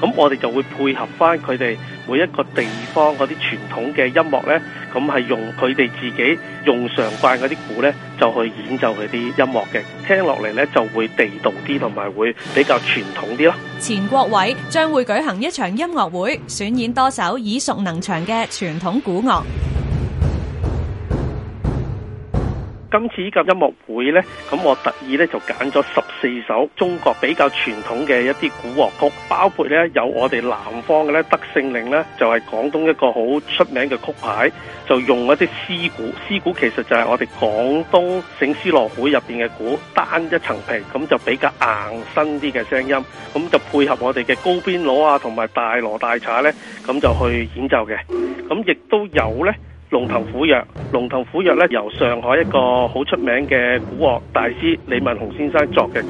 咁我哋就會配合翻佢哋每一個地方嗰啲傳統嘅音樂呢，咁係用佢哋自己用常慣嗰啲鼓呢，就去演奏佢啲音樂嘅，聽落嚟呢就會地道啲，同埋會比較傳統啲咯。錢國偉將會舉行一場音樂會，選演多首耳熟能詳嘅傳統古樂。今次呢個音樂會呢，咁我特意咧就揀咗十四首中國比較傳統嘅一啲古樂曲，包括呢有我哋南方嘅咧《德勝令》呢，就係廣東一個好出名嘅曲牌，就用一啲絲鼓，絲鼓其實就係我哋廣東醒獅樂會入邊嘅鼓，單一層皮，咁就比較硬身啲嘅聲音，咁就配合我哋嘅高邊鑼啊，同埋大鑼大镲呢，咁就去演奏嘅，咁亦都有呢。龍騰虎躍，龍騰虎躍咧，由上海一個好出名嘅鼓樂大師李文雄先生作嘅曲，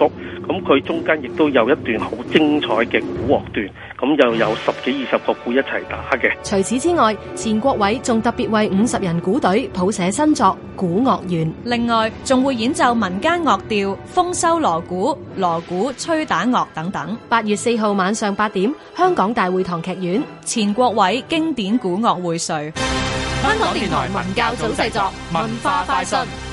咁佢中間亦都有一段好精彩嘅鼓樂段，咁又有十幾二十個鼓一齊打嘅。除此之外，錢國偉仲特別為五十人鼓隊譜寫新作《鼓樂園》，另外仲會演奏民間樂調、豐收鑼鼓、鑼鼓、吹打樂等等。八月四號晚上八點，香港大會堂劇院，錢國偉經典鼓樂薈萃。香港電台文教組製作，文化快訊。